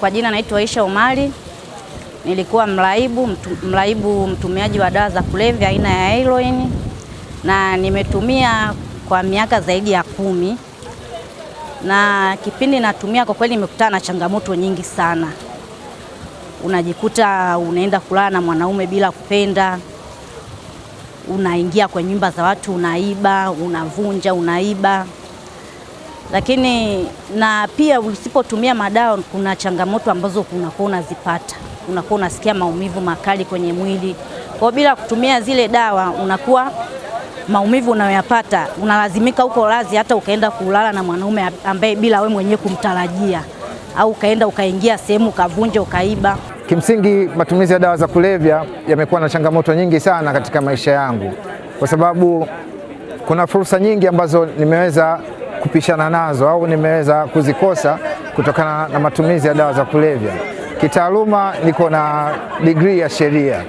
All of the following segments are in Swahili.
Kwa jina naitwa Aisha Omari, nilikuwa mraibu mtu, mraibu mtumiaji wa dawa za kulevya aina ya heroin na nimetumia kwa miaka zaidi ya kumi, na kipindi natumia kwa kweli nimekutana na changamoto nyingi sana. Unajikuta unaenda kulala na mwanaume bila kupenda, unaingia kwa nyumba za watu, unaiba, unavunja, unaiba lakini na pia usipotumia madawa kuna changamoto ambazo unakuwa unazipata, unakuwa unasikia maumivu makali kwenye mwili. Kwa bila kutumia zile dawa unakuwa maumivu unayoyapata unalazimika huko lazi, hata ukaenda kulala na mwanaume ambaye bila we mwenyewe kumtarajia, au ukaenda ukaingia sehemu ukavunja ukaiba. Kimsingi, matumizi ya dawa za kulevya yamekuwa na changamoto nyingi sana katika maisha yangu, kwa sababu kuna fursa nyingi ambazo nimeweza kupishana nazo au nimeweza kuzikosa kutokana na matumizi ya dawa za kulevya. Kitaaluma niko na digrii ya sheria,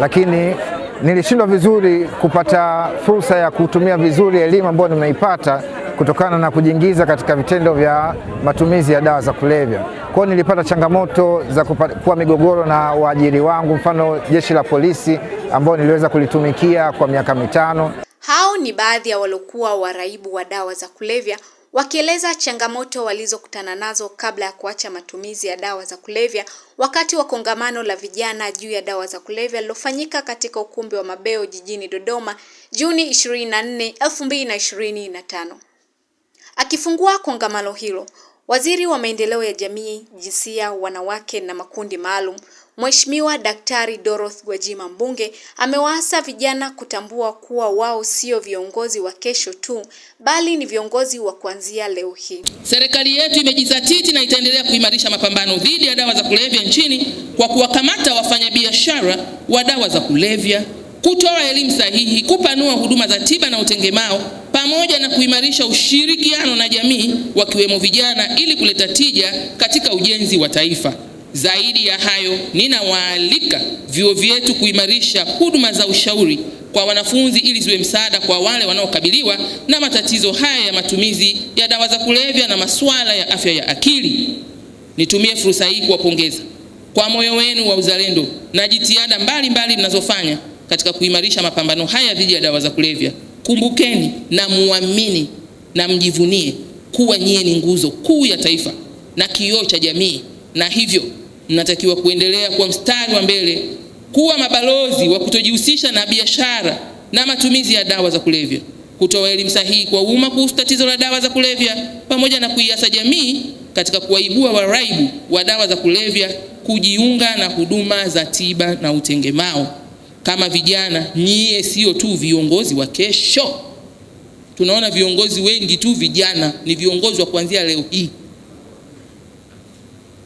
lakini nilishindwa vizuri kupata fursa ya kutumia vizuri elimu ambayo nimeipata kutokana na kujiingiza katika vitendo vya matumizi ya dawa za kulevya. Kwa nilipata changamoto za kuwa migogoro na waajiri wangu, mfano jeshi la polisi ambao niliweza kulitumikia kwa miaka mitano. Hao ni baadhi ya waliokuwa waraibu wa dawa za kulevya wakieleza changamoto walizokutana nazo kabla ya kuacha matumizi ya dawa za kulevya wakati wa kongamano la vijana juu ya dawa za kulevya lilofanyika katika ukumbi wa Mabeo jijini Dodoma Juni 24, 2025. Akifungua kongamano hilo, Waziri wa Maendeleo ya Jamii, Jinsia, Wanawake na Makundi Maalum, Mheshimiwa Daktari doroth Gwajima Mbunge amewaasa vijana kutambua kuwa wao sio viongozi wa kesho tu bali ni viongozi wa kuanzia leo hii. Serikali yetu imejizatiti na itaendelea kuimarisha mapambano dhidi ya dawa za kulevya nchini kwa kuwakamata wafanyabiashara wa dawa za kulevya, kutoa elimu sahihi, kupanua huduma za tiba na utengemao pamoja na kuimarisha ushirikiano na jamii wakiwemo vijana ili kuleta tija katika ujenzi wa taifa. Zaidi ya hayo, ninawaalika vyuo vyetu kuimarisha huduma za ushauri kwa wanafunzi ili ziwe msaada kwa wale wanaokabiliwa na matatizo haya ya matumizi ya dawa za kulevya na masuala ya afya ya akili. Nitumie fursa hii kuwapongeza kwa moyo wenu wa uzalendo na jitihada mbalimbali mnazofanya katika kuimarisha mapambano haya dhidi ya dawa za kulevya. Kumbukeni na muamini na mjivunie kuwa nyie ni nguzo kuu ya taifa na kioo cha jamii, na hivyo mnatakiwa kuendelea kwa mstari wa mbele kuwa mabalozi wa kutojihusisha na biashara na matumizi ya dawa za kulevya, kutoa elimu sahihi kwa umma kuhusu tatizo la dawa za kulevya, pamoja na kuiasa jamii katika kuwaibua waraibu wa dawa za kulevya kujiunga na huduma za tiba na utengemao. Kama vijana, nyie sio tu viongozi wa kesho. Tunaona viongozi wengi tu vijana, ni viongozi wa kuanzia leo hii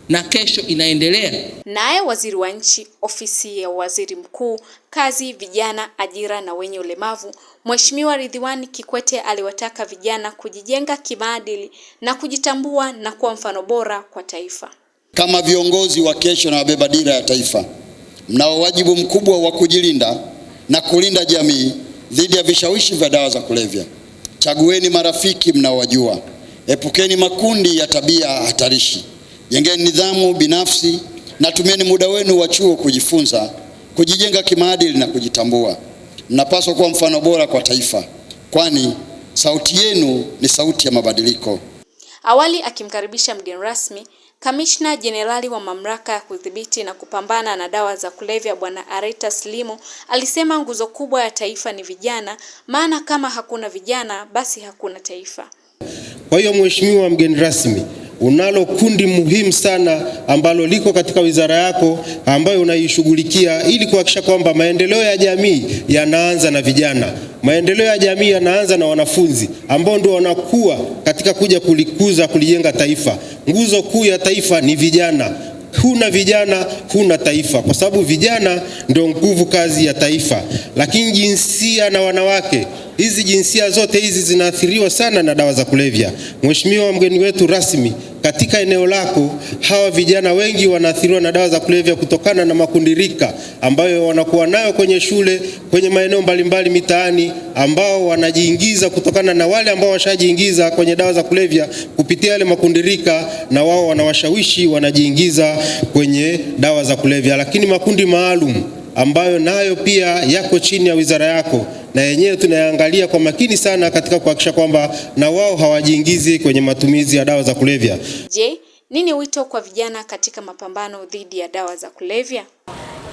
na kesho inaendelea. Naye waziri wa nchi ofisi ya waziri mkuu, kazi, vijana, ajira na wenye ulemavu, Mheshimiwa Ridhiwani Kikwete aliwataka vijana kujijenga kimaadili na kujitambua na kuwa mfano bora kwa taifa. Kama viongozi wa kesho na wabeba dira ya taifa, mnao wajibu mkubwa wa kujilinda na kulinda jamii dhidi ya vishawishi vya dawa za kulevya. Chagueni marafiki mnaowajua, epukeni makundi ya tabia hatarishi. Jengeni nidhamu binafsi na tumieni muda wenu wa chuo kujifunza, kujijenga kimaadili na kujitambua. Mnapaswa kuwa mfano bora kwa taifa, kwani sauti yenu ni sauti ya mabadiliko. Awali akimkaribisha mgeni rasmi, Kamishna Jenerali wa Mamlaka ya Kudhibiti na Kupambana na Dawa za Kulevya Bwana Aretas Limo alisema nguzo kubwa ya taifa ni vijana, maana kama hakuna vijana basi hakuna taifa. Kwa hiyo, Mheshimiwa mgeni rasmi unalo kundi muhimu sana ambalo liko katika wizara yako ambayo unaishughulikia ili kuhakikisha kwamba maendeleo ya jamii yanaanza na vijana, maendeleo ya jamii yanaanza na wanafunzi ambao ndio wanakuwa katika kuja kulikuza, kulijenga taifa. Nguzo kuu ya taifa ni vijana. Huna vijana huna taifa, kwa sababu vijana ndio nguvu kazi ya taifa. Lakini jinsia na wanawake hizi jinsia zote hizi zinaathiriwa sana na dawa za kulevya. Mheshimiwa mgeni wetu rasmi, katika eneo lako hawa vijana wengi wanaathiriwa na dawa za kulevya kutokana na makundirika ambayo wanakuwa nayo kwenye shule, kwenye maeneo mbalimbali mitaani, ambao wanajiingiza kutokana na wale ambao washajiingiza kwenye dawa za kulevya kupitia yale makundirika, na wao wanawashawishi, wanajiingiza kwenye dawa za kulevya. Lakini makundi maalum ambayo nayo pia yako chini ya wizara yako na yenyewe tunayaangalia kwa makini sana katika kuhakikisha kwamba na wao hawajiingizi kwenye matumizi ya dawa za kulevya. Je, nini wito kwa vijana katika mapambano dhidi ya dawa za kulevya?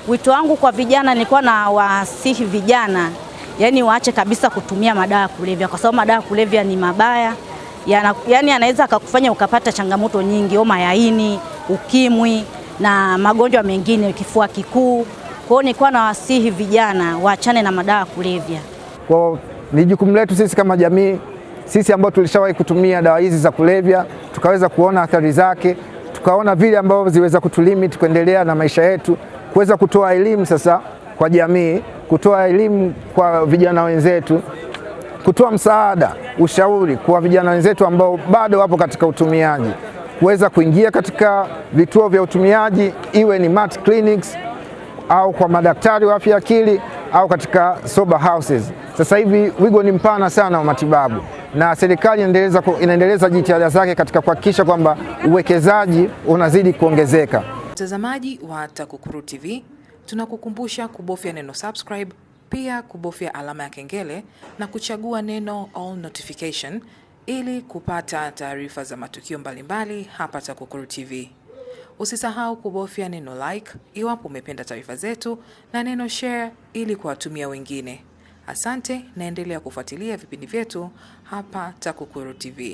Wito wangu kwa vijana, nilikuwa na wasihi vijana, yani waache kabisa kutumia madawa ya kulevya, kwa sababu madawa ya kulevya ni mabaya yana, yani anaweza akakufanya ukapata changamoto nyingi, homa ya ini, ukimwi na magonjwa mengine, kifua kikuu. Kwa hiyo nilikuwa wasihi vijana waachane na madawa ya kulevya. Kwa ni jukumu letu sisi kama jamii, sisi ambao tulishawahi kutumia dawa hizi za kulevya, tukaweza kuona athari zake, tukaona vile ambavyo ziweza kutulimit kuendelea na maisha yetu, kuweza kutoa elimu sasa kwa jamii, kutoa elimu kwa vijana wenzetu, kutoa msaada, ushauri kwa vijana wenzetu ambao bado wapo katika utumiaji, kuweza kuingia katika vituo vya utumiaji, iwe ni mat clinics au kwa madaktari wa afya akili au katika sober houses. Sasa hivi wigo ni mpana sana wa matibabu, na serikali inaendeleza, inaendeleza jitihada zake katika kuhakikisha kwamba uwekezaji unazidi kuongezeka. Mtazamaji wa TAKUKURU TV, tunakukumbusha kubofya neno subscribe, pia kubofya alama ya kengele na kuchagua neno all notification ili kupata taarifa za matukio mbalimbali hapa TAKUKURU TV. Usisahau kubofya neno like iwapo umependa taarifa zetu na neno share ili kuwatumia wengine. Asante, naendelea kufuatilia vipindi vyetu hapa TAKUKURU TV.